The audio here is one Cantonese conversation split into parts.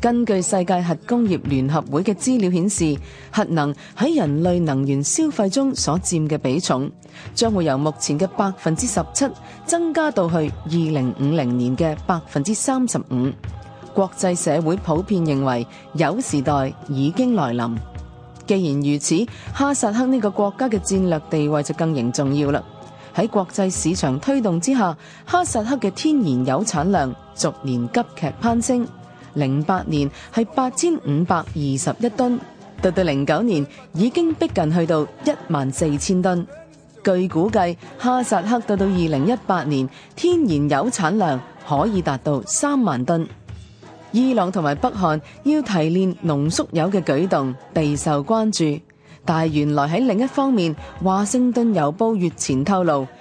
根據世界核工業聯合會嘅資料顯示，核能喺人類能源消費中所佔嘅比重，將會由目前嘅百分之十七增加到去二零五零年嘅百分之三十五。國際社會普遍認為，鈾時代已經來臨。既然如此，哈薩克呢個國家嘅戰略地位就更形重要啦。喺國際市場推動之下，哈薩克嘅天然鈾產量逐年急劇攀升。零八年係八千五百二十一噸，到到零九年已經逼近去到一萬四千噸。據估計，哈薩克到到二零一八年，天然鈾產量可以達到三萬噸。伊朗同埋北韓要提煉濃縮鈾嘅舉動備受關注，但係原來喺另一方面，華盛頓郵報月前透露。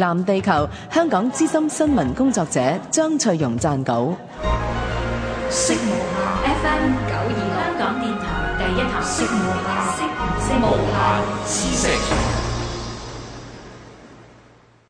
藍地球，香港資深新聞工作者張翠蓉撰稿。